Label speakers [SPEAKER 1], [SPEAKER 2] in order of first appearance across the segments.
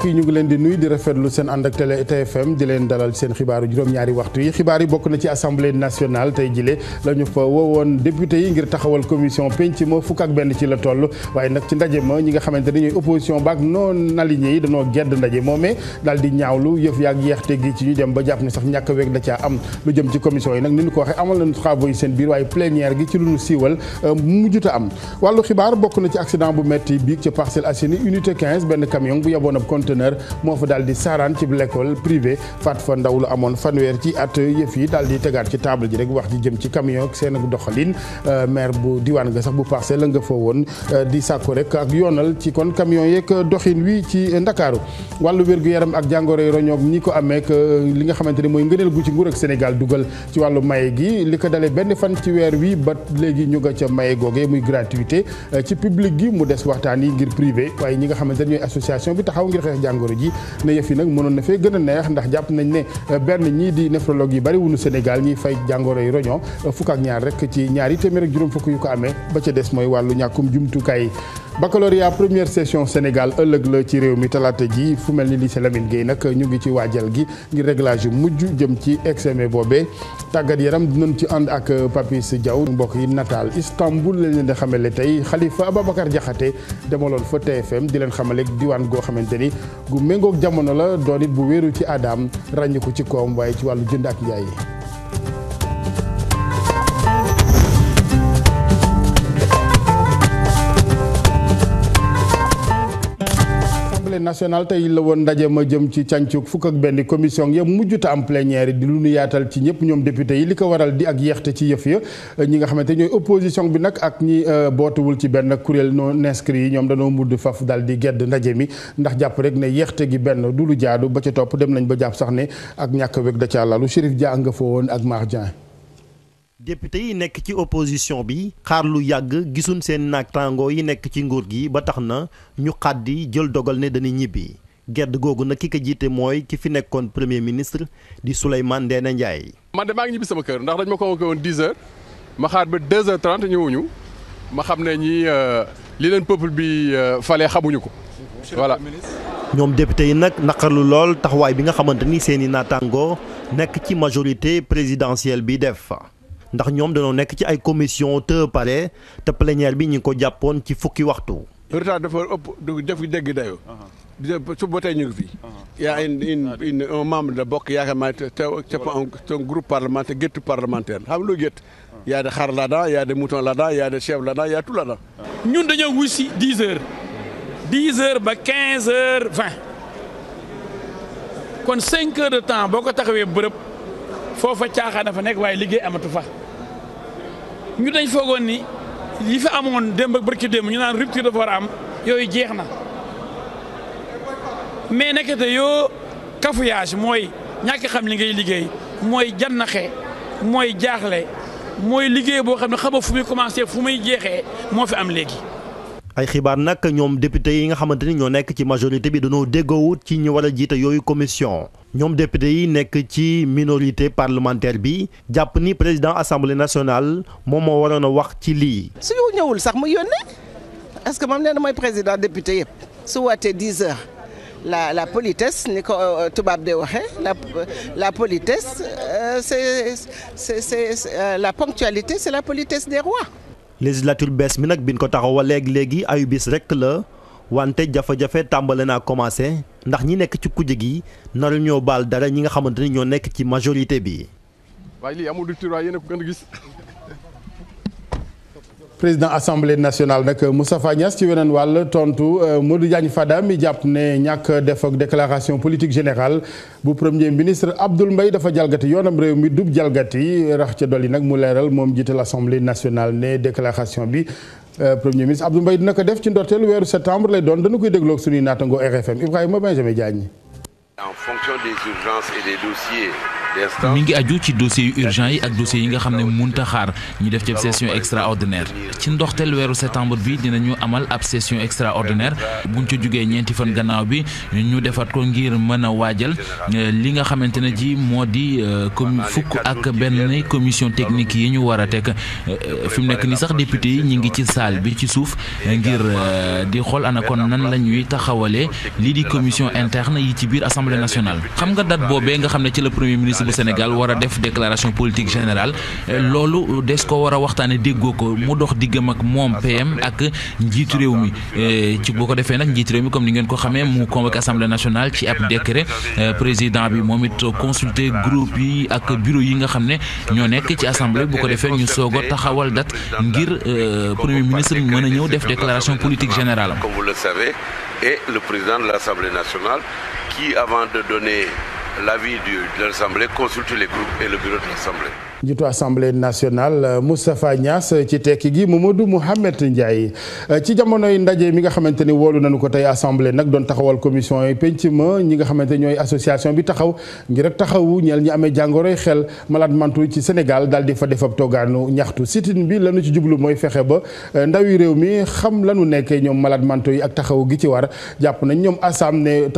[SPEAKER 1] mbokk yi ñu ngi leen di nuyu di rafetlu seen ànd ak télé TFM di leen dalal seen xibaaru juróom-ñaari waxtu yi xibaar yi bokk na ci assemblée nationale tey jile la fa woowoon député yi ngir taxawal commission penc ci la toll waaye nag ci ndaje ma ñi nga xamante ni opposition baak non aligné yi gedd ndaje moomee daal di ñaawlu yëf yaak yeexte gi ci ñu dem ba jàpp ne sax ñàkk weeg da caa am lu jëm ci commission yi nag ni ñu ko waxee amal nañu travaux yi seen biir waaye plénière euh, bokk na ci accident bu conteneur moo fa daal di saaraan ci l'école privée faat fa ndaw lu amoon fanweer ci at yëf yi daal di tegaat ci table ji rek wax ji jëm ci camion ak seen doxalin euh, maire bu diwaan nga sax bu parcelle la nga fa woon euh, di sàkku rek ak yoonal ci kon camion yeeg doxin wi ci ndakaaru wàllu wér-gu-yaram ak jàngoro yi roñoog ñi ko amee euh, li nga xamante ne mooy ngëneel gu ci nguur ak Sénégal dugal ci wallu maye gi li ko dalee benn fan ci weer wi ba léegi ñu nga ca maye googee muy gratuité ci public gi mu des waxtaan yi ngir privé waaye ñi nga xamante ne ñooy association bi jàngoro ji ne yëf yi nag mënoon na fee gën a neex ndax jàpp nañ ne euh, benn ñii di néphrologue yi bari wuñu Sénégal ñiy fay jàngoro yi roño euh, fukk ak ñaar rek ci ñaari téeméer ak juróom fukk yu ko amee ba ca des mooy wàllu ñàkkum jumtukaay baccalauréat première session Sénégal ëllëg la ci réew mi talaata ji fu mel ni lycée Lamine Gueye nag ñu ngi ci waajal gi ngir réglage yu mujj jëm ci examen boobe tàggat yaram dinañ ci ànd ak Papis Diaw mbokk yi nataal Istanbul lañ leen di xamale tey xalifa Khalifa Ababacar jaxate demaloon fa TFM di leen xamale diwaan goo xamante ni gu méngoog jamono la doon it bu wéeru ci aadaam ràññu ko ci koom waaye ci wàllu jënd ak njaay yi assemblée nationale tey la woon ndaje ma jëm ci càncuk fukk ak benn commission ya mujjuta am plénière di lu nu yaatal ci ñëpp ñoom député yi li ko waral di ak yeexte ci yëf ya ñi nga xamante ñooy opposition bi nag ak ñi euh, bootuwul ci benn kuréel non inscrit yi ñoom dañoo mudd faf dal di gedd ndaje mi ndax jàpp rek ne yeexte gi benn du lu jaadu ba ca topp dem nañ ba jàpp sax ne ak ñàkk a wég da ca lalu Chérif Dia nga fa woon ak Mar
[SPEAKER 2] député yi nekk ci opposition bi xaar lu yàgg gisuñ seen naataangoo yi nekk ci nguur gi ba tax na ñu xàddi jël dogal ne dañuy ñibbi gedd googu nag ki ko jiite mooy ki fi nekkoon premier ministre di Souleymane Ndéné Ndiaye.
[SPEAKER 3] man de maa ngi ñibbi sama kër ndax dañ ma convoqué woon 10 heures ma xaar ba 2 heures 30 ñëwuñu ma xam ne ñi
[SPEAKER 1] euh, li leen peuple bi euh, fale xamuñu ko. voilà
[SPEAKER 2] ñoom député yi nag naqarlu lool taxawaay bi nga xamante ni seen i naataangoo nekk ci majorité présidentielle bi def. ndax ñoom dañoo nekk ci ay commission te palais te plénière bi ñu ko jàppoon ci fukki waxtu.
[SPEAKER 4] retard dafa ëpp du def dégg dayo su ba tey ñu ngi fi. yaa a une une un membre de bokk yaakaar naa te te un groupe parlementaire géttu parlementaire xam lu gétt y a de xar là-dedans y a de mouton là-dedans y a de chèvre là-dedans y a la là
[SPEAKER 5] ñun dañoo wuy si dix heures dix heures ba quinze heures vingt
[SPEAKER 4] kon cinq heures de temps boo ko taxawee bërëb. foofa caaxaan a fa nekk waaye liggéey amatu fa ñu dañ foogoon ni yi fi amoon démb ak barki ñu naan rupture dafa war a am yooyu jeex na mais nekkete yoo cafouillage mooy ñàkk xam li ngay liggéey mooy jannaxe mooy jaaxle mooy liggéey boo xam ne xama fu muy commencé fu muy jeexee moo fi am léegi
[SPEAKER 2] ay xibaar nag ñoom député yi nga xamante ni ñoo nekk ci majorité bi dañoo déggoowut ci ñu war a jiite yooyu commission ñoom député yi nekk ci minorité parlementaire bi jàpp ni président assemblée nationale moom moo waroon a wax ci lii.
[SPEAKER 4] su ñu ñëwul sax mu yónnee est-ce que moom nee mooy président député yëpp su wootee 10 heures la la politesse ni ko euh, tubaab de waxee la la politesse euh, c'est c'est c'est euh, la ponctualité c'est la politesse des rois.
[SPEAKER 2] législature bees mi nag biñ ko taxawal léegi-léegi ayu bis rek la wante jafe-jafe tàmbale naa commencé ndax ñi nekk ci kujje gi naru ñoo bal dara ñi nga xamante ni ñoo nekk ci majorité bi
[SPEAKER 1] président assemblée nationale nag Moustapha Niass ci weneen wàll tontu euh, Modou jaañ Fada mi jàpp ne ñàkk def ak déclaration politique générale bu premier ministre Abdoul mbay dafa jalgati yoonam réew mi dub jalgati rax ca dolli nag mu leeral moom jiital assemblée nationale ne déclaration bi euh, premier ministre Abdoul mbay dina ko def ci ndorteelu weeru septembre lay doon dana koy dégloog suñuy naatango RFM Ibrahima Benjamin Diagne.
[SPEAKER 6] en fonction des urgences mi ngi aju ci dossier yu urgent yi ak dossier yi nga xam ne munta xaar ñu def ci session extraordinaire ci ndoxteel weeru septembre bi dinañu amal ab session extraordinaire buñ ci jugee ñeenti fan gannaaw bi ñu defaat ko ngir mën a waajal euh, li nga xamante ne ji moo di euh, comi fukk ak benn commission technique yi ñu war a teg euh, fi mu nekk ni sax député yi ñu ngi ci salle bi ci suuf ngir di xool ana kon nan la ñuy taxawalee lii di commission interne yi ci biir assemblée nationale xam nga journaliste bu Sénégal war a def déclaration politique générale loolu des ko war a waxtaane déggoo ko mu dox diggam ak moom PM ak njiitu réew mi eh, ci boo ko defee nag njiitu réew mi comme ni ngeen ko xamee mu convoqué assemblée nationale ci ab décret eh, président bi moom it consulté groupe yi ak bureau yi nga xam ne ñoo nekk ci assemblée boo ko defee ñu soog taxawal dat ngir eh, premier ministre mën a ñëw def déclaration politique générale am. le savez, et le président de l'Assemblée nationale qui, l'avis de l'Assemblée consulte les groupes et le bureau de l'Assemblée.
[SPEAKER 1] njiitu assemblée nationale euh, Moustapha Niass euh, ci tekki gi Mamadou Mouhamed Ndiaye euh, ci jamonoy ndaje mi nga xamante ni woolu nañu ko tey assemblée nag doon taxawal commission yi penc ma ñi nga xamante ñooy association bi taxaw ngir rek taxawu ñeel ñi amee jàngoroy xel malade mental ci Sénégal daal di fa defab toogaanu ñaxtu sitin bi lanu ci jublu mooy fexe ba ndawi réew mi xam lanu nekkee ñoom malade mental yi ak taxawu gi ci war jàpp nañ ñoom assam ne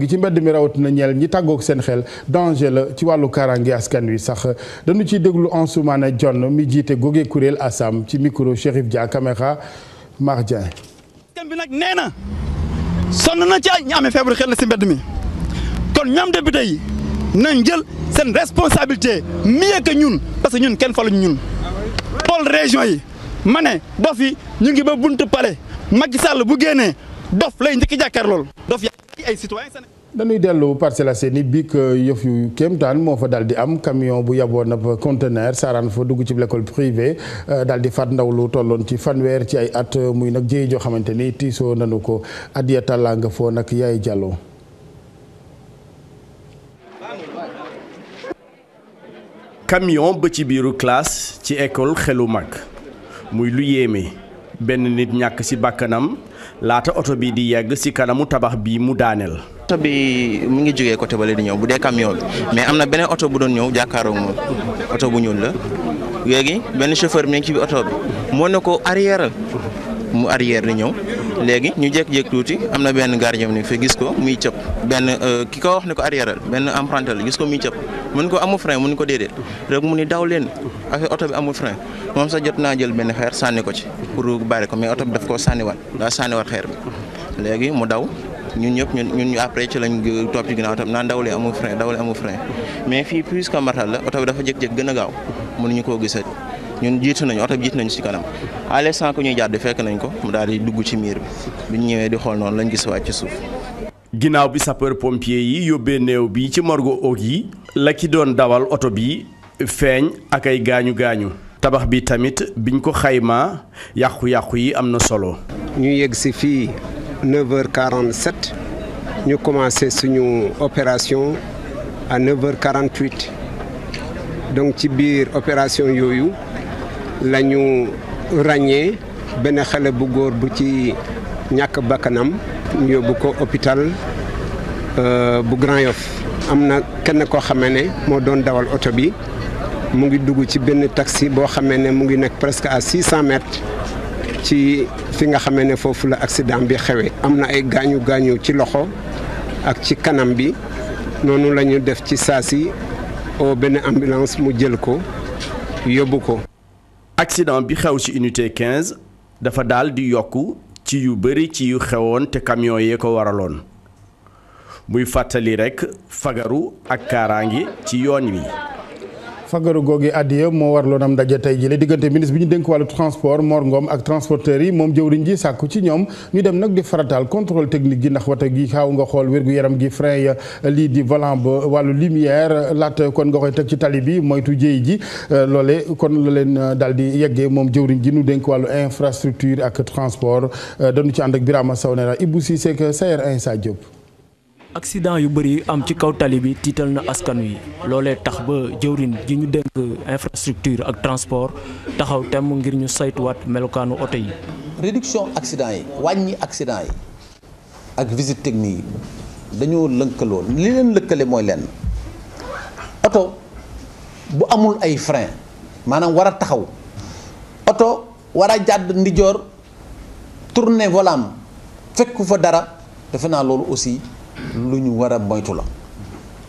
[SPEAKER 1] gi ci mbedd mi rawatina ñeel ñi tàggoog seen seen xel danger la ci wàllu kaaraange askan wi sax dañu ciy déglu Ansoumana Dione mi jiite goge kuréel Assam ci micro Chérif Dia caméra Mar Dieng.
[SPEAKER 2] bi nag nee na sonn na ci ay ñu amee feebaru xel la si mbedd mi kon ñoom député yi nañ jël seen responsabilité mieux que ñun parce que ñun kenn faluñu ñun.
[SPEAKER 7] pôle région yi
[SPEAKER 2] ma ne dof yi ñu ngi ba buntu palais Macky bu génnee dof lay njëkk a dof yaa ay citoyen
[SPEAKER 1] dañuy dellu Parcelles Assainies bi que yëf yu kéemtaan moo fa daal di am camion bu yaboon ab conteneur saaraan fa dugg ci l'école privée euh, daldi di faat ndaw lu tolloon ci fanweer ci ay at euh, muy nag jéey joo xamante ni tiisoo nanu ko Adia Talla nga foo nag yaay Diallo.
[SPEAKER 8] kamiyon ba ci biiru classe ci école xelu mag muy lu yéeme benn nit ñàkk
[SPEAKER 4] ci bàkkanam laata oto bii di yegg ci kanamu tabax bii mu daaneel. oto bi mu ngi jógee côté bale di ñëw bu dee camion bi mais am na beneen oto bu doon ñëw jàkkaaroo moom oto bu ñuul la léegi benn chauffeur mi ci bi oto bi moo ne ko arrière mu arrière di ñëw léegi ñu jékki-jékki tuuti am na benn gardien ni fi gis ko muy cëpp benn euh, ki ko wax ne ko arrière benn emprunté la gis ko muy cëpp mun ko amul frein mun ko déedéet mu ni daw leen ak oto bi amul frein moom sax jot naa jël benn xeer sànni ko ci pour bari ko mais oto bi daf koo sànniwaat daa sànniwaat xeer bi léegi mu daw ñun ñëpp ñun ñun ñu après ci lañ topp ci ginnaaw tam naan dawlee amul frein dawlee mais fii plus que la oto bi dafa jékki-jékki gën a gaaw mënuñu koo gisati ñun jiitu nañu oto bi jiitu nañu kanam à l'instant que ñuy jàdd fekk nañ ko mu daal dugg ci miir bi bi ñu ñëwee xool noonu lañ gis wàcc ginnaaw bi sapeur pompier yi yóbbee néew bi ci morgue oog yi la ki doon dawal oto bi feeñ ak ay gaañu gaañu. tabax bi tamit biñ ko xaymaa yàqu-yàqu yi am na solo. ñu yegg si fii. neuf heures quarante ñu commencé suñu opération a neuf heures quarante donc ci biir opération yooyu la ñu ràññee benn xale bu góor bu ci ñàkk bakkanam ñu yóbbu ko hôpital euh, bu Grand Yoff am na kenn koo xamee ne moo doon dawal oto bi mu ngi dugg ci benn taxi boo xamee ne mu ngi nekk presque à six ci fi nga xamee ne foofu la accident bi xewee am na ay gaañu gaañu ci loxo ak ci kanam bi noonu lañu def ci saasi oo benn ambulance mu jël ko yóbbu ko. accident bi xew ci
[SPEAKER 8] unité 15
[SPEAKER 4] dafa dal di yokku
[SPEAKER 5] ci yu bari ci xewoon te camion yee ko waraloon muy fàttali rekk fagaru ak kaaraange ci yoon wi.
[SPEAKER 1] fagaru googi addiya moo warloon am ndaje tey jii la diggante ministre bi ñu dénk wàllu transport Mor Ngom ak transporteurs yi moom jëwriñ ji sàkku ci ñoom ñu dem nag di farataal contrôle technique gi ndax wata gi xaaw nga xool wér yaram gi frein ya lii di volant ba wàllu lumière laata kon nga koy teg ci tali bi moytu jéey ji euh, loole kon la leen euh, daal di yeggee moom jëwriñ ji nu dénk wàllu infrastructure ak transport euh, dañu ci ànd ak Birama Sow ne la Ibou Cissé ak Sayer Insa Diop
[SPEAKER 5] accident yu bëri am ci kaw tali bi tiital na askan wi loolee tax ba jëwrin ji ñu dénk infrastructure ak transport taxaw temm ngir ñu saytuwaat melokaanu oto yi.
[SPEAKER 4] réduction accident yi wàññi accident yi ak visite technique yi dañoo lëkkaloo li leen lëkkale mooy lenn oto bu amul ay frein maanaam war a taxaw oto war a jàdd ndijoor tourner volant fekku fa dara defe naa loolu aussi. lu ñu war a moytu la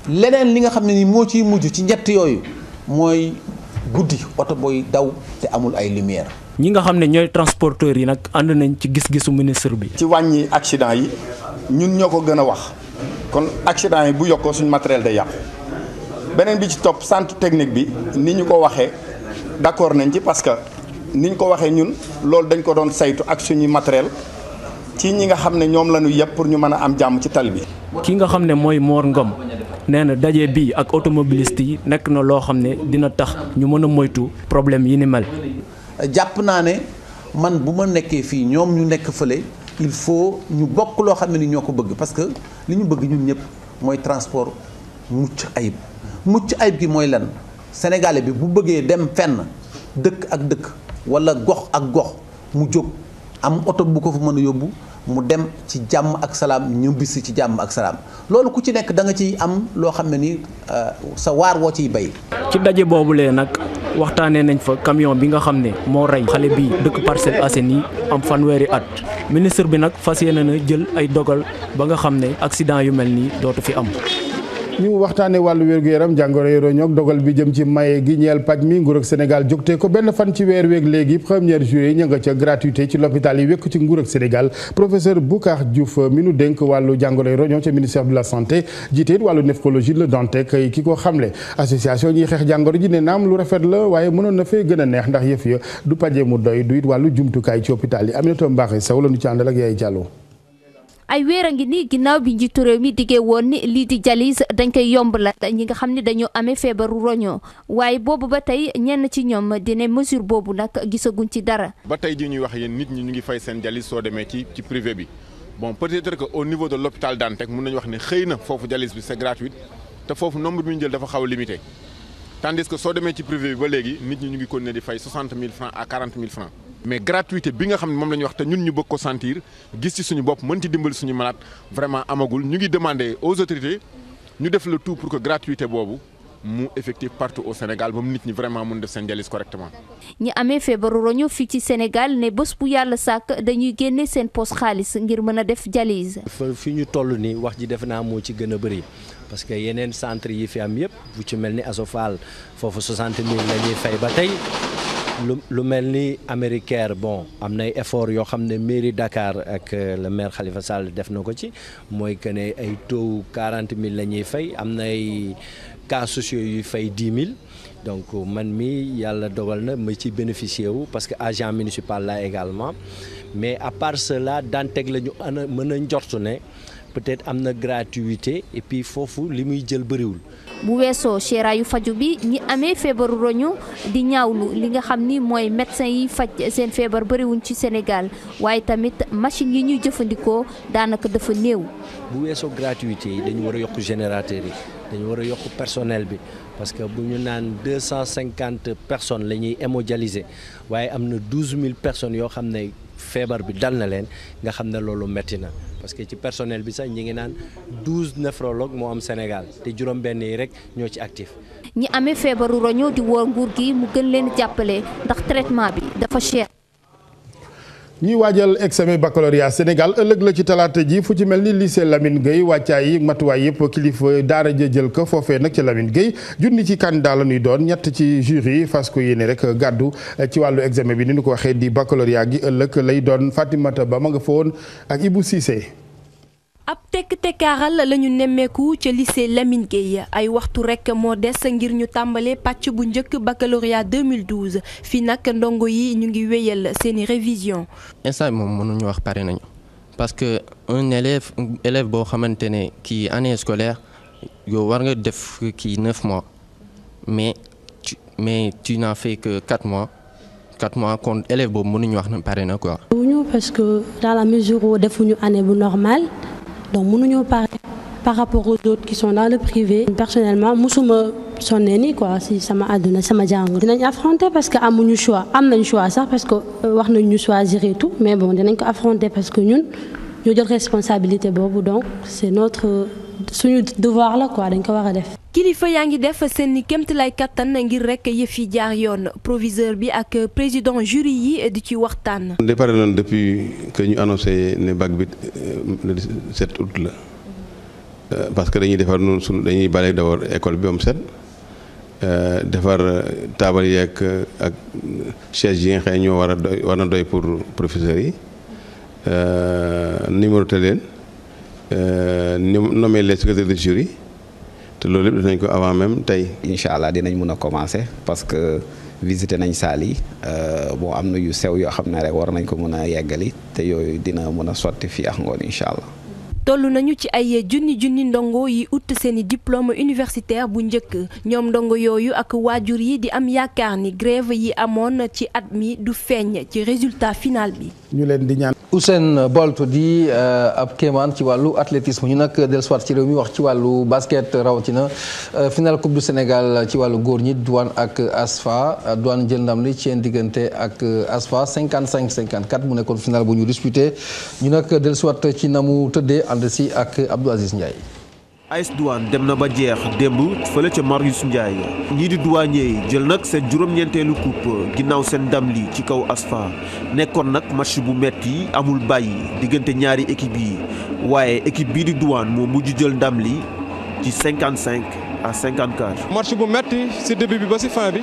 [SPEAKER 4] leneen li nga xam ne ni moo ciy mujj ci njett yooyu mooy guddi oto booy daw te amul ay lumière.
[SPEAKER 5] ñi nga xam ne ñooy transporteurs yi nag ànd nañ ci gis-gisu ministre bi.
[SPEAKER 4] ci wàññi accident yi ñun ñoo ko gën a wax kon
[SPEAKER 1] accident yi bu yokkoo suñ matériel day yàqu beneen bi ci topp sant technique bi ni ñu ko waxee d'accord nañ ci parce que ni ñu ko waxee ñun loolu dañ ko doon saytu ak suñuy matériel. ci ñi nga xam ne ñoom la ñu yëpp pour ñu mën a am jàmm ci tali bi.
[SPEAKER 5] ki nga xam ne mooy moor Ngom nee na daje bii ak automobiliste yi nekk na loo xam ne dina tax ñu mën a
[SPEAKER 4] moytu problème yi ni mel. jàpp naa ne man bu ma nekkee fii ñoom ñu nekk fële il faut ñu bokk loo xam ne ni ñoo ko bëgg parce que li ñu bëgg ñun ñëpp mooy transport mucc ayib mucc ayib gi mooy lan sénégalais bi bu bëggee dem fenn dëkk ak dëkk walla gox ak gox mu jóg. am oto bu ko fa mën a yóbbu mu dem ci jàmm ak salaam ñibbisi ci jàmm ak salaam loolu ku ci nekk da nga ciy am loo xam ne ni euh, sa waar woo ciy bay ci daje boobulee nag
[SPEAKER 5] waxtaanee nañ fa camion bi nga xam ne moo rey xale bi dëkk Parcelles Assainies am fanweeri at ministre bi nag fas yéene na jël ay dogal ba nga xam ne accident yu mel nii dootu fi am
[SPEAKER 1] ñu waxtaane wàllu wér-gu-yaram jàngoro yu roñoog dogal bi jëm ci maye gi ñeel paj mi nguur ak Sénégal jógtee ko benn fan ci weer weeg léegi première juillet ña nga ca gratuité ci l'hôpital yi wekk ci nguur ak Sénégal professeur Boucar Diouf mi nu dénk wàllu jàngoro yu roñoo ca ministère de la santé jiite it wàllu néphrologie la Dantec ki ko xamle association ñiy xeex jàngoro ji ne naam lu rafet la waaye mënoon na fee gën a neex ndax yëf ya du paje mu doy du wàllu jumtukaay ci hôpital yi Aminata Mbaxe Sow la nu ci àndal ak Yaay Diallo
[SPEAKER 9] ay weer a ngi nii ginnaaw bi njiitu réew mi diggee woon ni lii di jalis dañ koy yomb la ñi nga xam ne dañoo amee feebaru roño waaye boobu ba tey ñenn ci ñoom dine mesure boobu nag gisaguñ ci dara.
[SPEAKER 1] ba tey jii ñuy wax yéen nit ñi ñu ngi fay seen jalis soo demee ci ci privé bi bon peut-être que au niveau de l'hôpital Dantec mun nañu wax ne xëy na foofu jalis bi c'est gratuit te foofu nombre bi ñu dafa xaw a limité tandis que soo demee ci privé bi ba léegi nit mais gratuité bi nga xam ne moom la wax te ñun ñu bëgg ko sentir gis ci suñu bopp mën ci dimbali suñu malade vraiment amagul ñu ngi demander aux autorités ñu def le tout pour ko gratuité boobu mu effectif partout au Sénégal ba mu nit ñi vraiment mun def
[SPEAKER 8] seen dialyse correctement.
[SPEAKER 9] ñi amee feebaru roño fii ci Sénégal ne bés bu yàlla sàkk dañuy génne seen poche xaalis ngir mën a def dialyse.
[SPEAKER 8] fa fi ñu toll nii wax ji defe naa moo ci gën a bëri parce que yeneen centre yi fi am yëpp bu ci mel ni Asofal foofu 60 000 la ñuy fay ba tey. lu mel ni Américaire bon am nay effort yoo xam ne mairie Dakar ak euh, le maire xalifa Sall def na ko ci mooy que ne ay taux quarante mille la ñuy fay am na ay cas yuy fay dix mille donc man mi yàlla dogal na ma ci bénéficier wu parce que agent municipal la également mais à part cela Dantec la ñu mën a njort ne. peut-être am na gratuité et foofu li muy jël bëriwul.
[SPEAKER 9] bu weesoo seeraayu faju bi ñi amee feebaru roñu di ñaawlu li nga xam ni mooy médecin yi faj seen feebar bëriwuñ ci Sénégal waaye tamit machine yi ñuy jëfandikoo daanaka dafa néew.
[SPEAKER 8] bu weesoo gratuité yi dañu war a yokk générateur yi dañu war a yokk personnel bi parce que bu ñu naan deux cent cinquante personnes la ñuy hémodialyser waaye am na douze mille personnes yoo xam ne feebar bi dal na leen nga xam ne loolu métti na. parce que ci personnel bi sax ñi ngi naan douze néphrologue moo am Sénégal te juróom-benn yi rek ñoo ci actif.
[SPEAKER 9] ñi amee feebaru roño di wóor nguur gi mu gën leen jàppale ndax traitement bi dafa cher.
[SPEAKER 8] ñuy
[SPEAKER 1] waajal examen baccalauréat Sénégal ëllëg la ci talaata ji fu ci mel ni lycée lamin Gueye wàccaay yi matuwaay yëpp kilifa daara ja jël ko foofee nag ci Lamine Gueye junni ci candidat daal nuy doon ñett ci jury fas ko yéene rek gàddu ci wàllu examen bi ni ñu ko waxee di baccalauréat gi ëllëg lay doon Fatimata Ba ma nga fa woon ak Ibou siisee
[SPEAKER 9] ab tekk-tekkaaral la ñu nemmeeku ca lycée Lamine Gueye ay waxtu rek moo des ngir ñu tàmbalee pàcc bu njëkk baccalauréat 2012 fii nag ndongo yi ñu ngi wéyal seeni révision
[SPEAKER 3] instant moom mënuñu wax pare nañu parce que un élève boo xamante ne kii année scolaire yow war nga def kii neuf mois mais tu mais tu n'as fait mois quatre mois kon élève boobu mënuñu wax na pare na quoi.
[SPEAKER 9] parce que dans la mesure où defuñu année bu normale. donc mënuñoo pare par rapport aux autres qui sont dans le privé personnellement musuma sonné nii quoi si sama àdduna sama jàng dinañ affronter parce que amuñu choix am nañ choix sax parce que euh, wax nañ ñu choisir et tout mais bon dinañ ko affronter parce que ñun ñu jël responsabilité boobu donc c'est notre euh, suñu devoir la quoi dañ ko war a def kilifa yaa ngi def seen i kéemtalaay kattan ngir rek yëf yi jaar yoon proviseur bi ak président jury yi di ci waxtaan.
[SPEAKER 1] déparé nañ depuis que ñu
[SPEAKER 4] annoncé ne bac bi euh, le 17 la euh, parce que dañuy defar noonu suñu dañuy bale d'abord école bi ba set euh, defar taabal yi
[SPEAKER 1] ak ak chaise yi nga xam ñoo war a doy war na doy pour professeurs yi
[SPEAKER 4] numéroté leen nommé les secrétaires de jury. te loolu yëpp dinañ ko avant même tey. incha allah dinañ mun a commencer parce que visité nañ saali yi euh, bon am na yu sew yoo xam ne rek war nañ ko mën a yeggali te yooyu dina mun a sotti fii ak ngoon incha allah.
[SPEAKER 9] toll nañu ci ay junni junni ndongo yi ut seeni diplôme universitaire bu njëkk ñoom ndongo yooyu ak waajur yi di am yaakaar ni grève yi amoon ci at mi du feeñ ci résultat final bi.
[SPEAKER 3] ñu leen di ñaan. Usain Bolt di euh, ab kéemaan ci wàllu athlétisme ñu nag dellusiwaat ci réew mi wax ci wàllu basket rawatina euh, final coupe du Sénégal ci wàllu góor ñi douane ak ASFA douane jël ndam li ci seen diggante ak euh, ASFA 55 54 mu nekkoon final bu ñu disputé ñu nag dellusiwaat ci na mu tëddee ànd si ak Abdou Aziz Ndiaye.
[SPEAKER 4] AS Douane dem na ba jeex démb fële ca Marius Ndiaye ñii di douanier yi jël nag seen juróom-ñeenteelu coupe ginnaaw seen ndam li ci kaw ASFA nekkoon nag match bu metti amul bàyyi diggante ñaari équipe yi waaye équipe bii di Douane moo mujj jël ndam li ci 55 à 54. match bu metti si début bi ba si fin bi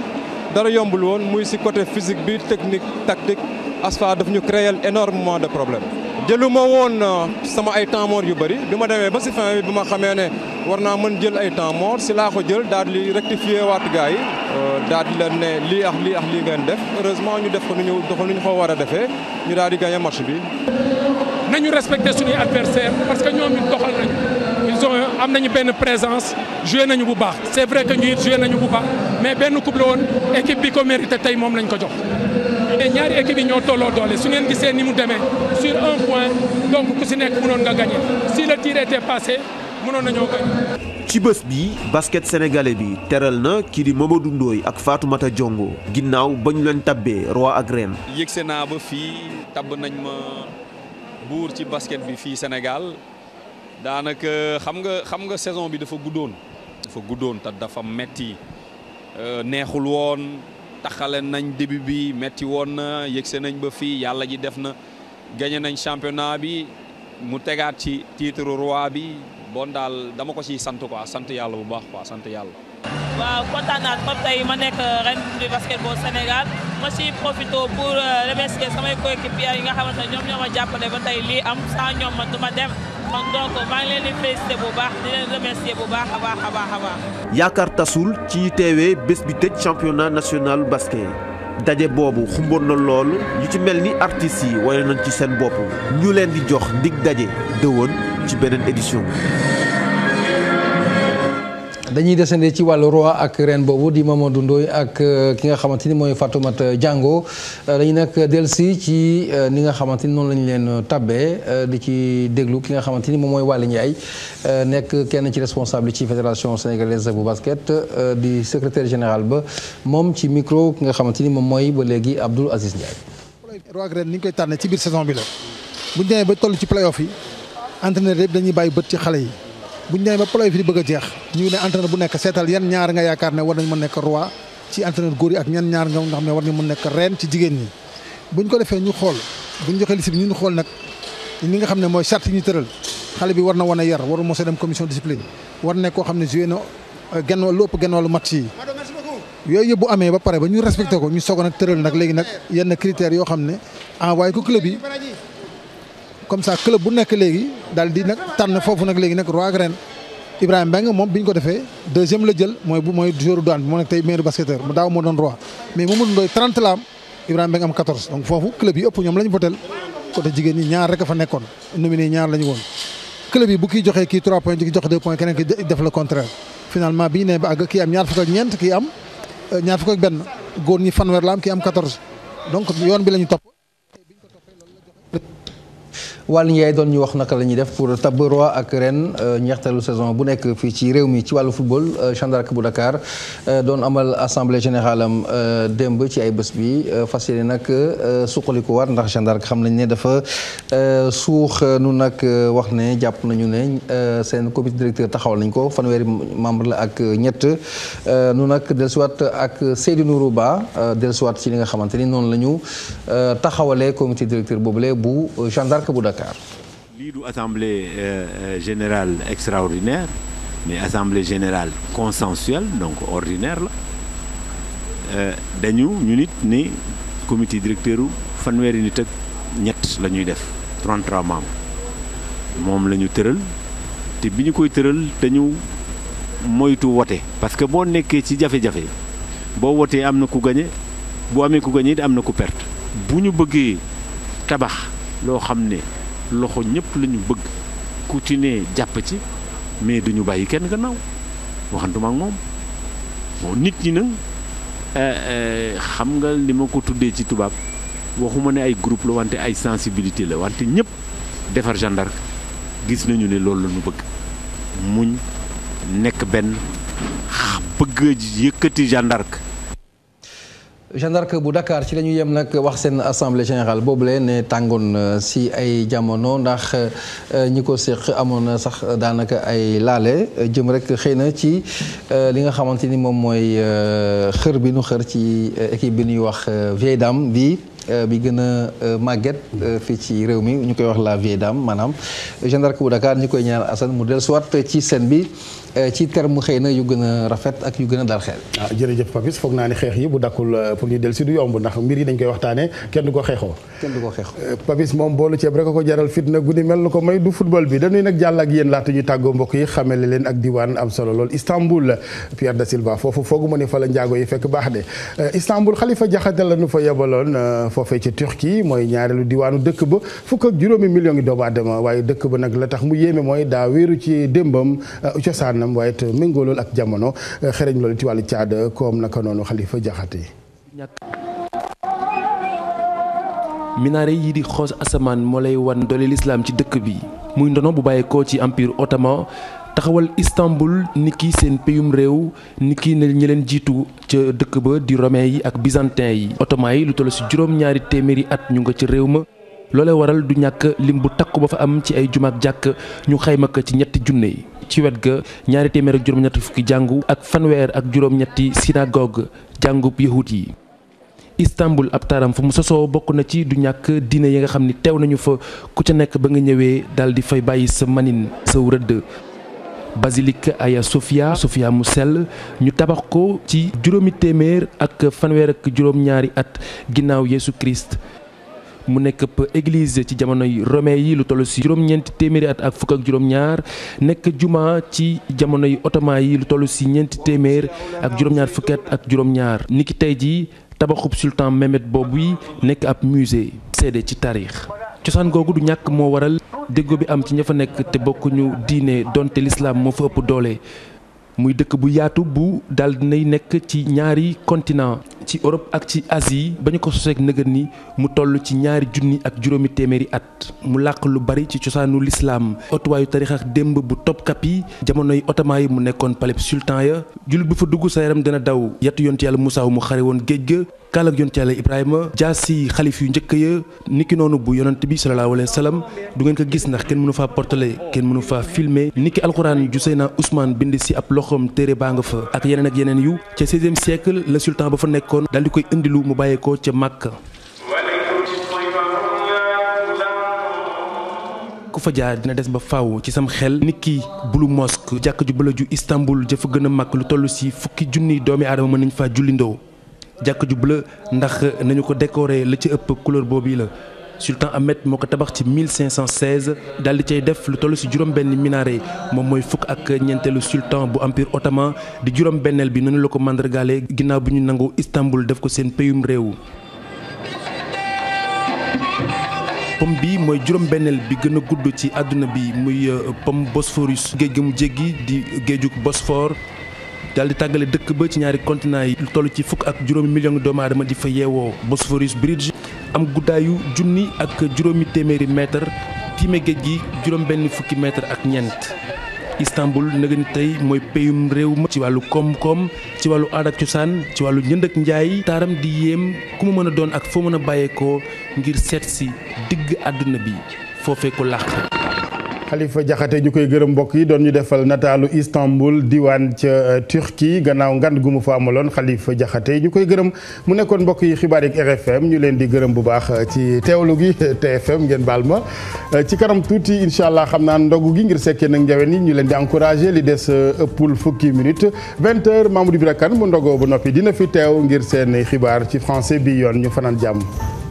[SPEAKER 4] dara
[SPEAKER 5] yombul woon muy si côté physique bi technique tactique ASFA daf ñu créer énormément de problème jëluma woon euh, sama ay temps yu bëri bi ma demee ba si fin bi bi ma xamee ne war naa mën jël ay temps mort si laa ko jël daal di rectifier waat gars yi euh, daal di leen ne lii ak lii ak lii ngeen def heureusement ñu def ko nu ñu doxal nu ñu ko war a defee ñu daal di gagné marché bi. nañu respecte suñuy adversaire parce que ñoom ñu doxal nañu ils ont am nañu benn présence joué nañu bu baax c'est vrai que ñu it joué nañu bu baax mais benn couple woon équipe bi ko mérité tey moom lañ ko jox. te ñaari équipe yi ñoo tolloo doole su ngeen gisee ni mu demee sur un point donc ku si nekk mënoon nga gagné si le tir était passé mënoon nañoo gagné.
[SPEAKER 4] ci bés bi basket sénégalais bi teral na kii di Mamadou Ndoye ak Fatoumata jongo ginnaaw ba ñu leen tabbee roi ak reine.
[SPEAKER 5] yëgse naa ba fii tabb nañ ma buur ci basket bi fii Sénégal daanaka xam nga xam nga saison bi dafa guddoon. dafa guddoon te dafa metti euh, neexul woon. taxale nañ début bi metti woon na yëgse nañ ba fii yàlla ji def na gagné nañ championnat bi mu tegaat ci titre roi bi bon daal dama ko ci sant quoi sant yàlla bu baax quoi sant yàlla.
[SPEAKER 6] waaw kontaan naa trop tey ma nekk reine du basketball Sénégal ma ciy profité pour euh, remercier samay coéquipiers yi nga xamante ne ñoom ñoo ma jàppale ba tey lii am sans ñoom man du ma dem. kon donc maa ngi leen di félicité bu baax di leen remercier bu baax
[SPEAKER 4] a baax a baax yaakaar tasul ci ñu teewee bés bi tëj championnat national basket daje boobu xumboon na lool yu ci mel ni artistes yi wane nañ ci seen bopp ñu leen di jox dig daje dëwoon ci beneen édition.
[SPEAKER 3] dañuy descendre ci wàllu roi ak reen boobu di Mamadou Ndoye ak euh, ki nga xamante ni mooy Fatoumata Diango euh, dañu nag dellusi ci euh, ni nga xamante ni noonu lañu leen tabbee di ci déglu ki nga xamante ni moom mooy Waly Ndiaye nekk kenn ci responsable ci fédération sénégalaise bu basket di secretaire général ba moom ci micro ki nga xamante ni moom mooy ba léegi abdul Aziz Ndiaye.
[SPEAKER 7] roi ak reine ni ñu koy tànnee ci biir saison bi la bu ñu demee ba toll ci playoff yi entraîneur yëpp dañuy bàyyi bët ci xale yi. bu ñu demee ba play fi di bëgg a jeex ñu ne entraîneur bu nekk seetal yan ñaar nga yaakaar ne war nañ mën nekk roi ci entraîneur góor yi ak ñan ñaar nga xam ne war nañ mën nekk reine ci jigéen ñi buñ ko defee ñu xool buñ joxee liste bi ñu xool nag li nga xam ne mooy charte yi ñu tëral xale bi war na wane yar waru mos a dem commission discipline war nekk ko xam ne joué na euh, genn wàllu ëpp genn wàllu match yi yooyu yëpp bu amee ba pare ba ñu respecté ko ñu soog a nag nag léegi nag yenn critères yoo xam ne envoyé ko club yi comme ça club bu nekk léegi daal di nag tànn foofu nag léegi nag roi ak reine Ibrahima Mbengue moom bi ñu ko defee deuxième la jël mooy bu mooy joueur douane bi moo nekk tey meilleur basketteur mu daaw moo doon roi mais Mamadou Ndoye 30 la la a fa nekkoon nominé ñaar la ñu woon club yi bu kii joxee kii 3 points am ñaar fukk am euh, ñaar donc yoon bi la ñu topp
[SPEAKER 3] wàllu yaay doon ñu wax naka la ñuy def pour tab roi ak ren euh, ñeexteelu saison bu nekk fii ci réew mi ci wàllu football Jeanne euh, d'Arc bu Dakar euh, doon amal assemblée générale am démb ci ay bés bi fas yéene nag suqali ko waat ndax Jeanne xam nañ ne dafa suux nu nag wax ne jàpp nañu ne seen comité directeur taxawal nañ ko fanweeri membre la ak ñett nu nag dellusiwaat ak Seydou Nourou Ba dellusiwaat ci li nga xamante ni noonu la ñu taxawalee comité directeur boobule bu Jeanne d'Arc bu Dakar.
[SPEAKER 10] lii du assemblée euh, euh, générale extraordinaire mais assemblée générale consensuelle donc ordinaire la euh, dañu ñu nit ni commité directeur fanweeri nit ak ñett la ñuy def 33 membres moom la ñu tëral te bi ñu koy tëral dañu moytu wote parce que boo nekkee ci jafe-jafe boo wotee am na ku gañe boo amee ku gañe it am na ku perte bu ñu bëggee tabax loo xam ne. loxo ñëpp la ñu bëgg ku ci ne jàpp ci mais duñu bàyyi kenn gannaaw waxantuma ak moom bon nit ñi nag euh, euh, xam nga li ma ko tuddee ci tubaab waxuma ne ay groupe la wante ay sensibilité la wante ñëpp defar Jeanne gis nañu ne loolu lañu bëgg muñ nekk benn bëgg yëkkati Jeanne
[SPEAKER 3] Jeanne d'Arc bu Dakar ci lañu yem nag wax seen assemblée générale boobule ne tàngoon euh, si ay jamono ndax euh, ñi ko séq amoon na sax daanaka ay laale euh, jëm rek xëy na ci li nga xamante ni moom mooy xër bi nu xër ci équipe bi nuy wax vieille bi bi gën a màgget fii ci réew mi ñu koy wax la vieille dame maanaam Jeanne d'Arc bu Dakar ñu koy ñaan Assane mu dellusiwaat ci scène bi. Euh, ci terme xëy na yu gën a rafet ak yu gën a dal xel. ah jërëjëf Papis foog naa ne xeex yi bu dakkul
[SPEAKER 1] pour euh, ñu del si du yomb ndax mbir yi dañ koy waxtaanee kenn du ko xeexoo. kenn du euh, Papis moom boolu ceeb rek a ko jaral fitna guddi mel na ko may du football bi dañuy nag jàll ak yéen laata ñu tàggoo mbokk yi xamele leen ak diwaan am solo lool Istanbul Pierre da Silva foofu foogu ma fa la njaago yi fekk baax de Istanbul Khalifa Diakhaté la ñu fa yebaloon foofee ci Turquie mooy ñaareelu diwaanu dëkk ba fukk ak juróomi millions yi doomu aadama waaye dëkk ba nag la tax mu yéeme mooy daa wéeru ci démbam kanam waaye ak jamono eh, xereñ loolu ci wàllu caada koom eh, naka noonu xalifa jaxate
[SPEAKER 5] minaare yi di xoos asamaan moo lay wan doole lislaam ci dëkk bi muy ndono bu bàyyeekoo ci empire ottoman taxawal Istanbul ki seen péyum réew niki ki ñi leen jiitu ca dëkk ba di romain yi ak byzantin yi ottoman yi lu toll ci juróom ñaari téeméeri at ñu nga ca réew ma loolee waral du ñàkk lim bu takku ba fa am ci ay jumaak jàkk ñu xayma ci ñetti junne yi ci wet ga ñaari téeméer ak juróom-ñetti fukki jàngu ak fanweer ak juróom-ñetti synagogue jàngu yahut yi Istanbul ab taaram fu mu sosoo bokk na ci du ñàkk diine yi nga xam ni teew nañu fa ku ca nekk ba nga ñëwee dal di fay bàyyi sa manin sa rëdd basilique Hagia sofia Sophia mu sell ñu tabax ko ci juróomi téeméer ak fanweer ak juróom-ñaari at ginnaaw Yeesu Christ mu nekk église ci jamonoy romain yi lu toll si juróom-ñeenti téeméeri at ak fukk ak juróom-ñaar nekk juma ci jamonoy ottoman yi lu toll si ñeenti téeméer ak juróom-ñaar fukki ak juróom-ñaar niki tey jii tabaxub sultan Mehmed boobuy nekk ab musée seede ci taarix. cosaan googu du ñàkk moo waral déggoo bi am ci ña fa nekk te bokkuñu diine donte lislaam moo fa ëpp doole muy dëkk bu yaatu bu daal nay nekk ci ñaari continent ci Europe ak ci Asie ba ñu ko soseek nëgën ni mu toll ci ñaari junni ak juróomi téeméeri at mu làq lu bari ci cosaanu lislaam otuwaayu tarix ak démb bu Topkap yi jamonoy Ottoman yi mu nekkoon palais sultan ya jullit bu fa dugg sa yaram dina daw yoon yonent yàlla Musaa mu xare woon géej ga kaala ak yonent yàlla Ibrahima jaasi xalif yu njëkk ya niki noonu bu yonent bi salallaahu alayhi wa du ngeen ko gis ndax kenn mënu faa portale kenn mënu faa filmer niki alxuraan ju Seyna usmaan bind si ab loxoom téere baa nga fa ak yeneen ak yeneen yu ca 16e siècle sultan ba fa nekkoon daal di koy indilu mu bàyyeekoo ca Màkka. ku fa jaar dina des ba faaw ci sam xel nit ki bulu mosque jàkk ju bëla ju Istanbul jafa gën a mag lu toll si fukki junni doomi aadama mën nañ faa jullindoo jàkk ju bleu ndax nañu ko décorer la ci ëpp couleur boobu la sultan ahmed moo ko tabax ci 1516 daal di cay def lu toll si juróom benn minaret moom mooy fukk ak ñeenteelu sultan bu empire ottoman di juróom benneel bi noonu la ko màndargaale ginnaaw bi ñu nangu istanbul def ko seen peyum réew pom bi mooy juróom-benneel bi gën a gudd ci àdduna bi muy euh, pom Bosphorus géej gi mu jéggi di géejug Bosphore daal di tàggale dëkk ba ci ñaari continent yi lu toll ci fukk ak juróomi million doomu aadama di fa yeewoo Bosphorus Bridge am guddaayu junni ak juróomi téeméeri mètre gi juróom fukki mètre ak ñeent Istanbul nag ni tey mooy péyum réew ma ci wàllu koom-koom ci wàllu aada cosaan ci wàllu njënd ak njaay taaram di yéem ku ma mën a doon ak foo mën a bàyyeekoo ngir seet si digg àdduna bi foofee ko làq
[SPEAKER 1] Xalifa Jaxate ñu koy gërëm mbokk yi doon ñu defal nataalu Istanbul diwaan ca euh, Turquie gannaaw ngan gu mu fa amaloon Xalifa Jaxate ñu koy gërëm mu nekkoon mbokk yi xibaar yi RFM ñu leen di gërëm bu baax euh, ci teewlu gi euh, TFM ngeen baal ma ci kanam tuuti incha allah xam naa ndogu gi ngir sekkee nag njawen yi ñu leen di encouragé li des ëppul fukki minute 20 heures Mamadou Ibra Kane mu ndogoo ba noppi dina fi teew ngir seen xibaar ci français bi yoon ñu fanaan jàmm